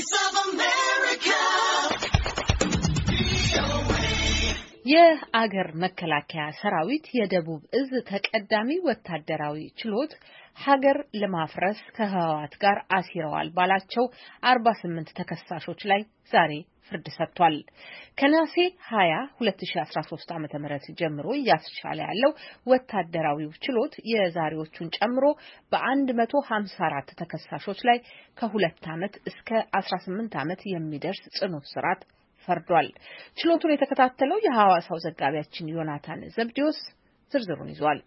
Voice of America. የአገር መከላከያ ሰራዊት የደቡብ እዝ ተቀዳሚ ወታደራዊ ችሎት ሀገር ለማፍረስ ከህወሓት ጋር አሲረዋል ባላቸው 48 ተከሳሾች ላይ ዛሬ ፍርድ ሰጥቷል። ከነሐሴ 20 2013 ዓ.ም ጀምሮ እያስቻለ ያለው ወታደራዊው ችሎት የዛሬዎቹን ጨምሮ በ154 ተከሳሾች ላይ ከሁለት ዓመት እስከ 18 ዓመት የሚደርስ ጽኑ እስራት ፈርዷል። ችሎቱን የተከታተለው የሐዋሳው ዘጋቢያችን ዮናታን ዘብዲዮስ ዝርዝሩን ይዟል።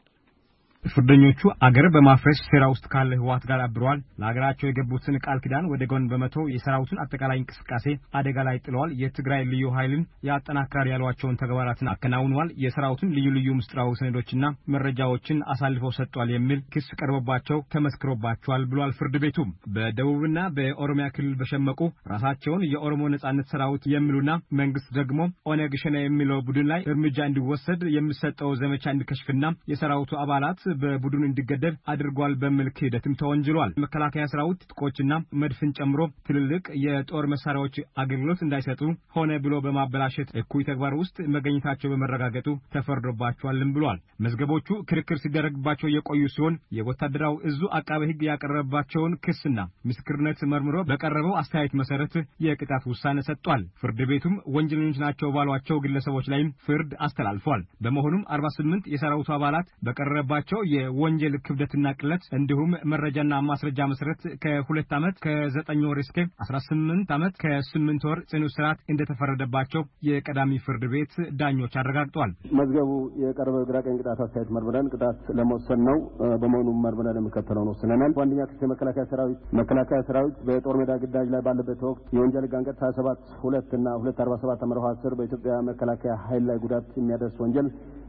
ፍርደኞቹ አገር በማፍረስ ሴራ ውስጥ ካለ ህወሓት ጋር አብረዋል፣ ለሀገራቸው የገቡትን ቃል ኪዳን ወደ ጎን በመተው የሰራዊቱን አጠቃላይ እንቅስቃሴ አደጋ ላይ ጥለዋል፣ የትግራይ ልዩ ኃይልን ያጠናክራል ያሏቸውን ተግባራትን አከናውነዋል፣ የሰራዊቱን ልዩ ልዩ ምስጢራዊ ሰነዶችና መረጃዎችን አሳልፈው ሰጥቷል የሚል ክስ ቀርቦባቸው ተመስክሮባቸዋል ብሏል። ፍርድ ቤቱ በደቡብና በኦሮሚያ ክልል በሸመቁ ራሳቸውን የኦሮሞ ነጻነት ሰራዊት የሚሉና መንግስት ደግሞ ኦነግ ሸኔ የሚለው ቡድን ላይ እርምጃ እንዲወሰድ የሚሰጠው ዘመቻ እንዲከሽፍና የሰራዊቱ አባላት በቡድን እንዲገደብ አድርጓል በሚል ክህደትም ተወንጅሏል። መከላከያ ሰራዊት ጥቆችና መድፍን ጨምሮ ትልልቅ የጦር መሳሪያዎች አገልግሎት እንዳይሰጡ ሆነ ብሎ በማበላሸት እኩይ ተግባር ውስጥ መገኘታቸው በመረጋገጡ ተፈርዶባቸዋልም ብሏል። መዝገቦቹ ክርክር ሲደረግባቸው የቆዩ ሲሆን የወታደራዊ እዙ አቃቤ ሕግ ያቀረበባቸውን ክስና ምስክርነት መርምሮ በቀረበው አስተያየት መሰረት የቅጣት ውሳኔ ሰጥቷል። ፍርድ ቤቱም ወንጀለኞች ናቸው ባሏቸው ግለሰቦች ላይም ፍርድ አስተላልፏል። በመሆኑም 48 የሰራዊቱ አባላት በቀረበባቸው የወንጀል ክብደትና ቅለት እንዲሁም መረጃና ማስረጃ መሰረት ከሁለት ዓመት ከዘጠኝ ወር እስከ አስራ ስምንት ዓመት ከስምንት ወር ጽኑ እስራት እንደተፈረደባቸው የቀዳሚ ፍርድ ቤት ዳኞች አረጋግጧል። መዝገቡ የቀረበው ግራ ቀኝ ቅጣት አስተያየት መርምረን ቅጣት ለመወሰን ነው። በመሆኑም መርምረን የሚከተለውን ወስነናል። አንደኛ ክስ የመከላከያ ሰራዊት መከላከያ ሰራዊት በጦር ሜዳ ግዳጅ ላይ ባለበት ወቅት የወንጀል ሕግ አንቀጽ 27 ሁለት እና ሁለት አርባ ሰባት አምረሃ ስር በኢትዮጵያ መከላከያ ኃይል ላይ ጉዳት የሚያደርስ ወንጀል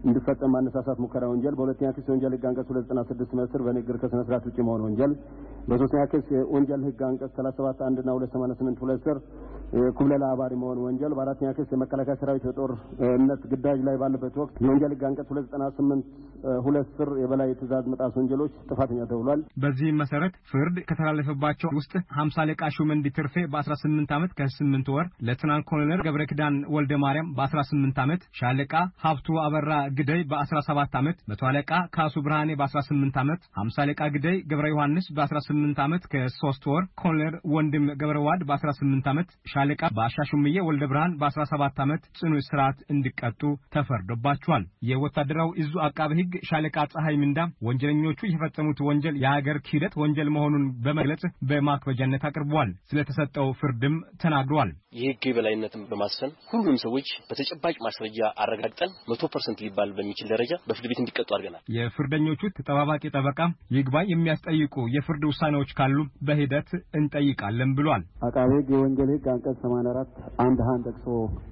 እንዲፈጸም ማነሳሳት ሙከራ ወንጀል፣ በሁለተኛ ክስ የወንጀል ህግ አንቀጽ ሁለት ዘጠና ስድስት መስር በንግግር ከስነ ስርዓት ውጭ መሆን ወንጀል፣ በሶስተኛ ክስ የወንጀል ህግ አንቀጽ ሰላሳ ሰባት አንድ እና ሁለት ስምንት ሁለት ስር ኩብለላ አባሪ መሆን ወንጀል፣ በአራተኛ ክስ የመከላከያ ሰራዊት በጦርነት ግዳጅ ላይ ባለበት ወቅት የወንጀል ህግ አንቀጽ ሁለት ስምንት ሁለት ስር የበላይ ትእዛዝ መጣስ ወንጀሎች ጥፋተኛ ተብሏል። በዚህም መሰረት ፍርድ ከተላለፈባቸው ውስጥ ሀምሳ አለቃ ሹመንዲ ትርፌ በአስራ ስምንት ዓመት ከስምንት ወር ሌተናንት ኮሎኔል ገብረ ኪዳን ወልደ ማርያም በአስራ ስምንት ዓመት ሻለቃ ሀብቱ አበራ ግደይ በአስራ ሰባት ዓመት መቶ አለቃ ካሱ ብርሃኔ በአስራ ስምንት ዓመት ሀምሳ አለቃ ግደይ ገብረ ዮሐንስ በአስራ ስምንት ዓመት ከሶስት ወር ኮሎኔል ወንድም ገብረ ዋድ በአስራ ስምንት ዓመት ሻለቃ በአሻሹምዬ ወልደ ብርሃን በአስራ ሰባት ዓመት ጽኑ ስርዓት እንዲቀጡ ተፈርዶባቸዋል። የወታደራዊ እዙ አቃቤ ህግ ሻለቃ ፀሐይ ምንዳ ወንጀለኞቹ የፈጸሙት ወንጀል የሀገር ክህደት ወንጀል መሆኑን በመግለጽ በማክበጃነት አቅርበዋል። ስለተሰጠው ፍርድም ተናግረዋል። የህግ የበላይነትን በማስፈን ሁሉንም ሰዎች በተጨባጭ ማስረጃ አረጋግጠን መቶ ፐርሰንት ሊባል በሚችል ደረጃ በፍርድ ቤት እንዲቀጡ አድርገናል። የፍርደኞቹ ተጠባባቂ ጠበቃ ይግባኝ የሚያስጠይቁ የፍርድ ውሳኔዎች ካሉ በሂደት እንጠይቃለን ብሏል። አቃቤ ህግ የወንጀል ህግ አንቀጽ 84 አንድ ሀን ጠቅሶ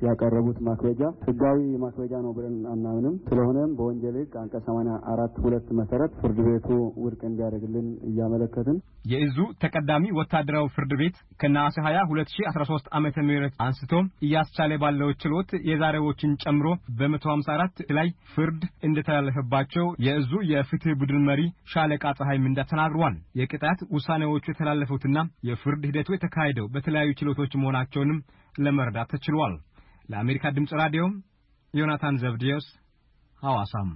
ያቀረቡት ማክበጃ ህጋዊ ማክበጃ ነው ብለን አናምንም። ስለሆነም በወንጀል ህግ አንቀጽ ሰማንያ አራት ሁለት መሰረት ፍርድ ቤቱ ውድቅ እንዲያደርግልን እያመለከትን የእዙ ተቀዳሚ ወታደራዊ ፍርድ ቤት ከነሐሴ አስራ ሶስት አመተ ም አንስቶ እያስቻለ ባለው ችሎት የዛሬዎችን ጨምሮ በ አራት ላይ ፍርድ እንደተላለፈባቸው የእዙ የፍትህ ቡድን መሪ ሻለቃ ፀሐይ ምንዳ ተናግሯል። የቅጣት ውሳኔዎቹ የተላለፉትና የፍርድ ሂደቱ የተካሄደው በተለያዩ ችሎቶች መሆናቸውንም ለመረዳት ተችሏል። ለአሜሪካ ድምፅ ራዲዮ ዮናታን ዘብዲዮስ ሐዋሳም